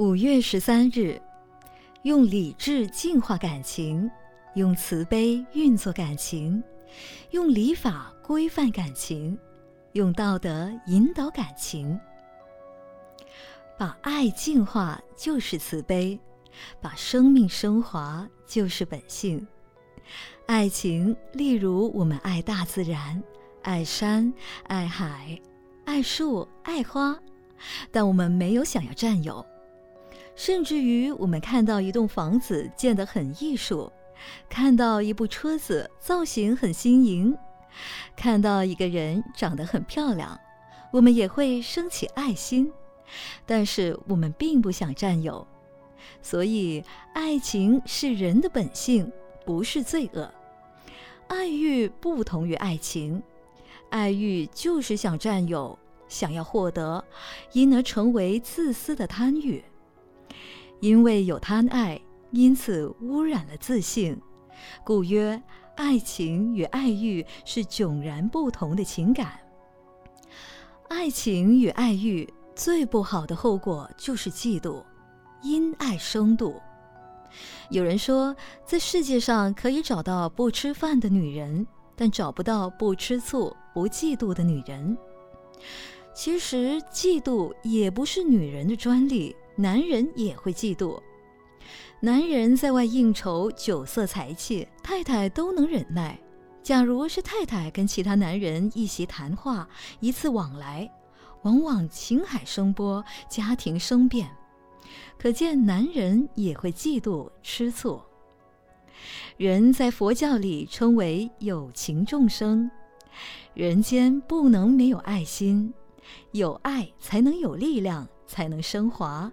五月十三日，用理智淨化感情，用慈悲運作感情，用禮法規範感情，用道德引導感情。把愛淨化就是慈悲，把生命升華就是本性。愛情，例如我們愛大自然，愛山，愛海，愛樹，愛花，但我們沒有想要占有。甚至於，我們看到一棟房子建得很藝術，看到一部車子造型很新穎，看到一個人長得很漂亮，我們也會生起愛心。但是我們並不想佔有，所以愛情是人的本性，不是罪惡。愛欲不同於愛情，愛欲就是想佔有，想要獲得，因而成為自私的貪欲。因為有貪愛，因此汙染了自信，故曰：愛情與愛欲是迥然不同的情感。愛情與愛欲最不好的後果就是嫉妒，因愛生妒。有人說，在世界上可以找到不吃飯的女人，但找不到不吃醋、不嫉妒的女人。其實，嫉妒也不是女人的專利。男人也會嫉妒，男人在外應酬、酒色財氣，太太都能忍耐。假如是太太跟其他男人一席談話、一次往來，往往情海生波，家庭生變。可見男人也會嫉妒、吃醋。人在佛教裡稱為有情眾生，人間不能沒有愛心，有愛才能有力量，才能升華。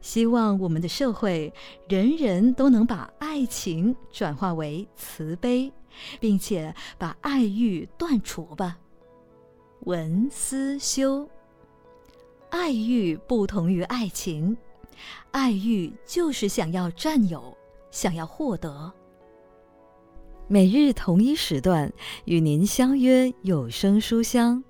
希望我們的社會人人都能把愛情轉化為慈悲，並且把愛欲斷除吧。文思修，愛欲不同於愛情，愛欲就是想要占有，想要獲得。每日同一時段與您相約有聲書香。